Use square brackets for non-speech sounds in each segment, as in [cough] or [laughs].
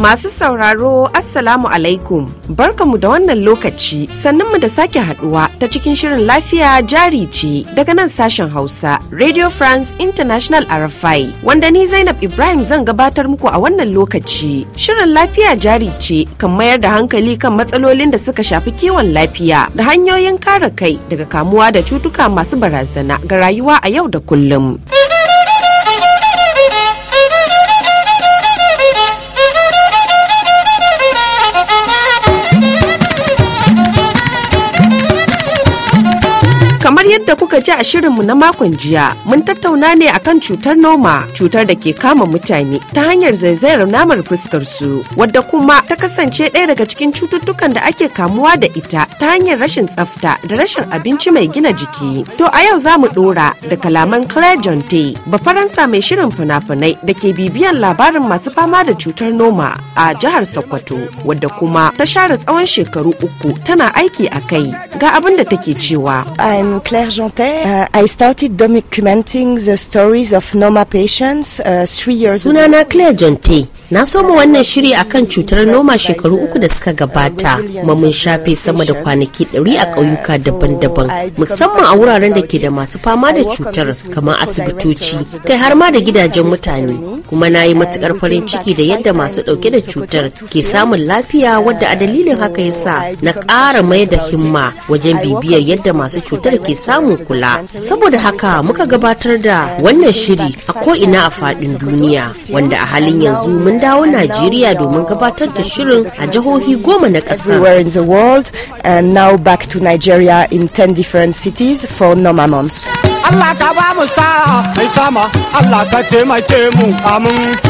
Masu sauraro Assalamu alaikum mu da wannan lokaci sannunmu da sake haduwa ta cikin shirin lafiya jari ce daga nan sashen Hausa Radio France International RFI wanda ni Zainab Ibrahim zan gabatar muku a wannan lokaci. Shirin lafiya jari ce kan mayar da hankali kan matsalolin da suka shafi kiwon lafiya da hanyoyin kare kai daga kamuwa da cutuka masu barazana ga rayuwa a yau da kullum. a shirinmu na makon jiya mun tattauna ne akan cutar noma cutar da ke kama mutane ta hanyar zaizayar namar fuskar su wadda kuma ta kasance ɗaya daga cikin cututtukan da ake kamuwa da ita ta hanyar rashin tsafta da rashin abinci mai gina jiki. To a yau za mu ɗora da kalaman Claire Jonte ba Faransa mai shirin fina-finai da ke bibiyan labarin masu fama da cutar noma a jihar Sokoto wadda kuma ta share tsawon shekaru uku tana aiki a kai ga abin da take cewa. Uh, I started documenting the stories of NOMA patients uh, three years Sunana ago. Sunana Na soma wannan shiri a kan cutar noma shekaru uku da suka gabata, kuma mun shafe sama da kwanaki ɗari a ƙauyuka daban-daban, musamman a wuraren da ke da masu fama da cutar, kamar asibitoci, kai har ma da gidajen mutane. Kuma na yi matukar farin ciki da yadda masu ɗauke da cutar ke samun lafiya wadda a dalilin haka ya sa na ƙara mai da himma wajen bibiyar yadda masu cutar ke samun kula. Saboda haka muka gabatar da wannan shiri a ko'ina a faɗin duniya, wanda a halin yanzu mun an dawo Najeriya domin gabatar da shirin a jihohi goma na ƙasa. in the world and now back to Nigeria in 10 different cities for normal months. Allah ka ba mu sa'a mai sama, Allah ka taimake mu amin.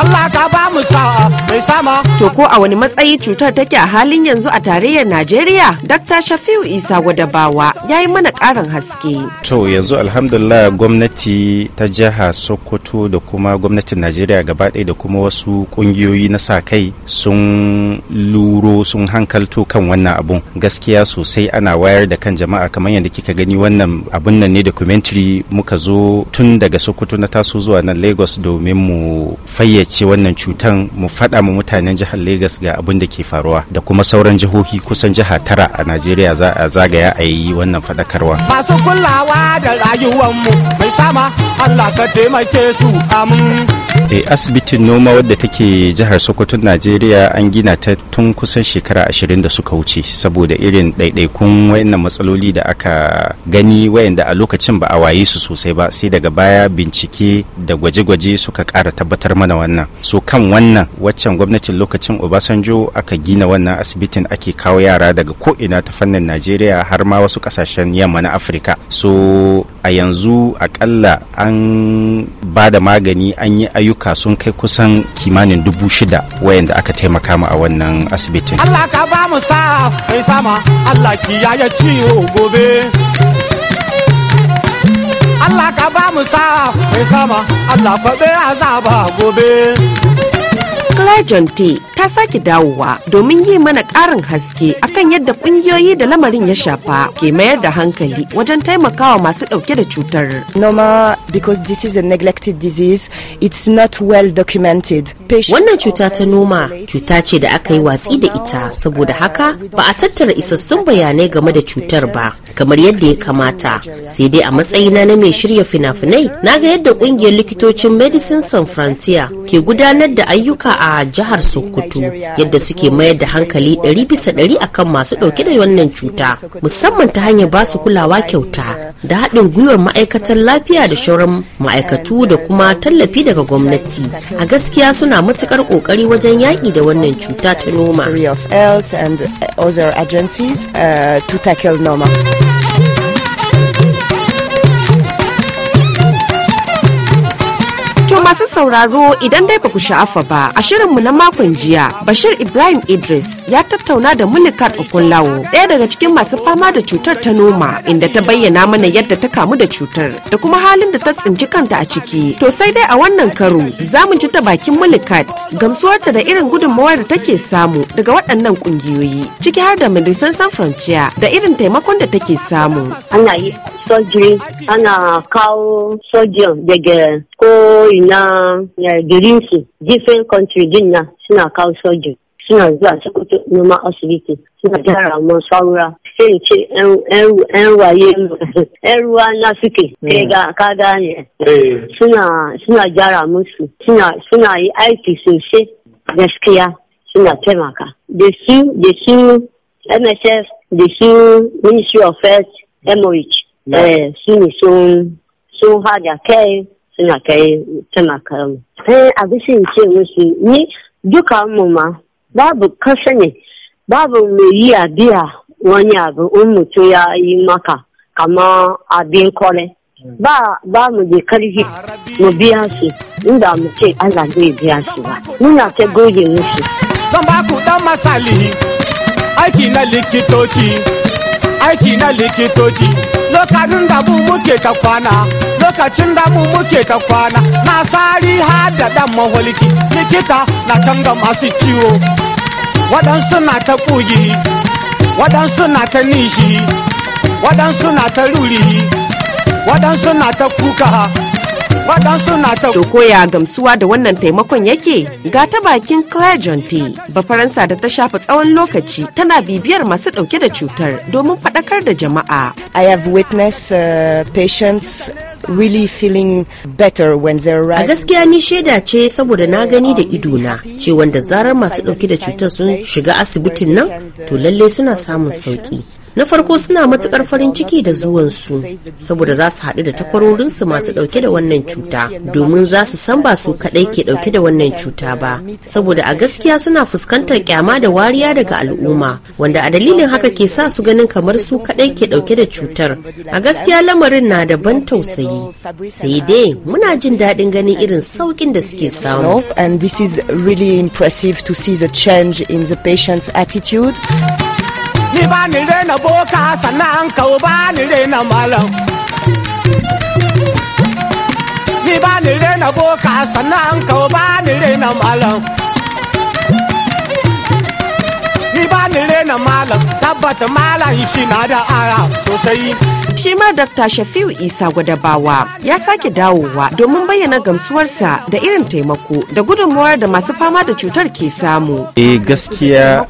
Allah ka ba mu sa'a mai sama. To ko a wani matsayi cutar take a halin yanzu a tarayyar Najeriya? Dr. Shafiu Isa Gwadabawa ya yi mana ƙarin haske. To yanzu alhamdulillah gwamnati ta jiha Sokoto da kuma gwamnatin Najeriya gaba ɗaya da kuma wasu ƙungiyoyi na sa kai sun luro sun hankalto kan wannan abun. Gaskiya sosai ana wayar da kan jama'a kamar yadda kika gani wannan abun nan ne documentary muka zo tun daga Sokoto na taso zuwa nan Lagos domin mu fayyace magance wannan cutan mu faɗa ma mutanen jihar Legas ga abin da ke faruwa da kuma sauran jihohi kusan jiha tara a Najeriya za a zagaya a yi wannan faɗakarwa. Masu kulawa da mu mai sama Allah ka taimake su amin. e asibitin noma wadda take jihar sokoto najeriya an gina ta tun kusan shekara ashirin da suka wuce saboda irin ɗaiɗaikun wayannan matsaloli da aka gani wayanda a lokacin ba a waye su sosai ba sai daga baya bincike da gwaje-gwaje suka ƙara tabbatar mana wannan so kan wannan waccan gwamnatin lokacin obasanjo aka gina wannan asibitin ake kawo yara daga ko'ina ta fannin najeriya har ma wasu ƙasashen yamma na afirka so a yanzu akalla an ba da magani an yi ayyuka sun kai kusan kimanin dubu shida wayanda aka taimaka mu a wannan asibitin Allah ka ba mu sa mai sama Allah ya ciwo gobe Allah ka ba mu sa mai sama Allah faɗe azaba gobe Claire John ta sake dawowa domin yi mana ƙarin haske akan yadda ƙungiyoyi da lamarin ya shafa ke mayar da hankali wajen taimakawa masu ɗauke da cutar. Noma because this is a neglected disease, it's not well documented. Wannan cuta ta noma cuta ce da aka yi watsi da ita saboda haka ba a tattara isassun bayanai game da cutar ba kamar yadda ya kamata sai dai a matsayina na mai shirya fina-finai na ga yadda ƙungiyar likitocin Medicine Sans Frontier ke gudanar da ayyuka a jihar Sokoto. yadda suke mayar da hankali 100 bisa 100 akan masu ɗauke da wannan cuta musamman ta hanyar ba su kulawa kyauta da haɗin gwiwar ma'aikatan lafiya da shauran ma'aikatu da kuma tallafi daga gwamnati a gaskiya suna matukar ƙoƙari wajen yaƙi da wannan cuta ta noma. sauraro idan dai baku sha'afa ba a shirinmu na makon jiya Bashir Ibrahim Idris ya tattauna da munikar Okunlawo ɗaya daga cikin masu fama da cutar ta noma inda ta bayyana mana yadda ta kamu da cutar da kuma halin da ta tsinci kanta a ciki. To sai dai a wannan karo za mu ji ta bakin Munikat gamsuwarta da irin gudunmawar da take samu daga waɗannan ƙungiyoyi ciki har da Medicine San Frontier da irin taimakon da take samu. Ana yi surgery ana kawo surgeon daga ko ina garin su different country din na suna kawo sojin suna zuwa sokoto noma asibiti suna jara mu saura sai ce yan waye [laughs] yan ruwa na suke hmm. ka gane eh. suna suna gyara musu suna suna yi aiki sosai gaskiya suna taimaka da su da su msf da su ministry of health moh eh, su ne sun hada kai na-akọ suna kai taimaka akọrọ Eh abin shi ce musu ni duka mu ma babu kasa ne babu mai yi biya wani abu in ya yi maka kama abin kore. Ba ba mu je karfi mu biya su inda mu ce Allah zai biya su ba. Muna ta na likitoci aiki na likitoci lokacin da bu muke ta kwana lokacin mu muke ta kwana na sari har da dan maholiki likita na canza masu ciwo waɗansu na ta kugi waɗansu na ta nishi waɗansu na ta ruri waɗansu na ta kuka waɗansu na ta to koya gamsuwa da wannan taimakon yake ga ta bakin Claire Jonte ba Faransa da ta shafa tsawon lokaci tana bibiyar masu dauke da cutar domin fadakar da jama'a I have witnessed uh, patients really feeling better when A gaskiya ni shaida ce saboda na gani da idona ce wanda zarar masu dauke da cutar sun shiga asibitin nan to lalle suna samun sauki. na farko suna matukar farin ciki da zuwan su saboda za su haɗu da takwarorinsu masu ɗauke da wannan cuta domin za su san ba su kaɗai ke ɗauke da wannan cuta ba saboda a gaskiya suna fuskantar kyama da wariya daga al'umma wanda a dalilin haka ke sa su ganin kamar su kaɗai ke ɗauke da cutar a gaskiya lamarin na da ban tausayi sai dai muna jin daɗin ganin irin saukin da suke samu and this impressive to see the change in the patient's attitude ni ba ni rena boka sannan kau ba ni rena malam ni ba ni rena boka sannan kau ba ni rena malam ni ba ni rena malam tabbata malam shi na da ara sosai Shi ma Dr. Shafiu Isa Gwadabawa ya sake dawowa domin bayyana gamsuwarsa da irin taimako da gudunmuwar da masu fama da cutar ke samu. E gaskiya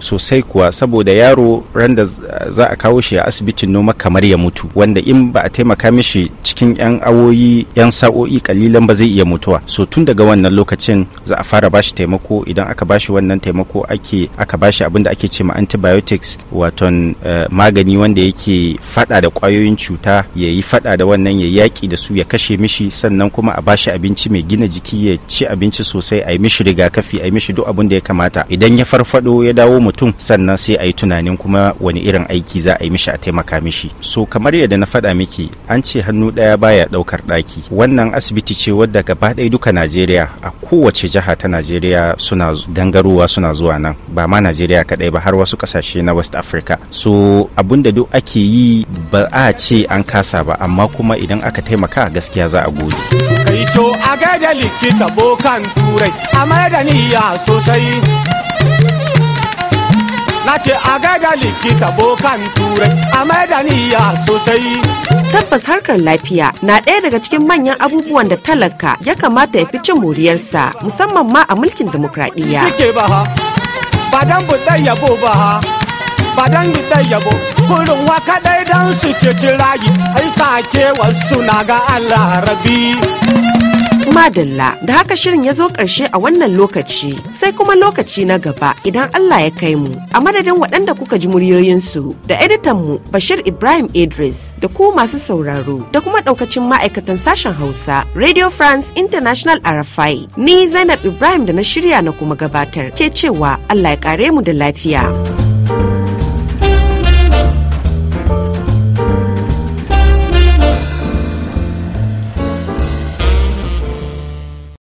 sosai kuwa saboda yaro ran da za a kawo shi a asibitin noma kamar ya mutu wanda in ba a taimaka mishi cikin 'yan awoyi 'yan sa'o'i kalilan ba zai iya mutuwa so tun daga wannan lokacin za a fara bashi taimako idan aka bashi wannan taimako ake aka bashi abin da ake ce ma antibiotics wato Ton eh, magani wanda yake fada da kwayoyin cuta ya yi fada da wannan ya yaki da su ya kashe mishi sannan kuma a bashi abinci mai gina jiki ya ci abinci sosai a yi mishi rigakafi a yi mishi duk abin da ya kamata idan ya farfado ya dawo mutum sannan sai a yi tunanin kuma wani irin aiki za a yi mishi a taimaka mishi so kamar yadda na fada miki an ce hannu daya baya daukar daki wannan asibiti ce wadda gaba ɗaya duka najeriya a kowace jiha ta najeriya suna gangarowa suna zuwa nan ba ma najeriya kaɗai ba har wasu ƙasashe na west africa afirka so abinda duk ake yi ba a ce an kasa ba amma kuma idan aka taimaka gaskiya za a gode kai to a gaida likita bokan turai a da niyya sosai na ce a gaida likita bokan turai a da niyya sosai tabbas harkar lafiya na ɗaya daga cikin manyan abubuwan da talaka ya kamata ya fi cin moriyarsa musamman ma a mulkin demokradiyya. ba dan buɗe yabo ba ba dan da yabo kurun wa kadai dan su ceci rayi ai sake wasu na ga Allah rabi madalla da haka shirin yazo zo ƙarshe a wannan lokaci sai kuma lokaci na gaba idan Allah ya kai mu a madadin waɗanda kuka ji muryoyinsu da mu Bashir Ibrahim Idris da ku masu sauraro da kuma ɗaukacin ma'aikatan sashen Hausa Radio France International RFI ni Zainab Ibrahim da na shirya na kuma gabatar ke cewa Allah ya kare mu da lafiya.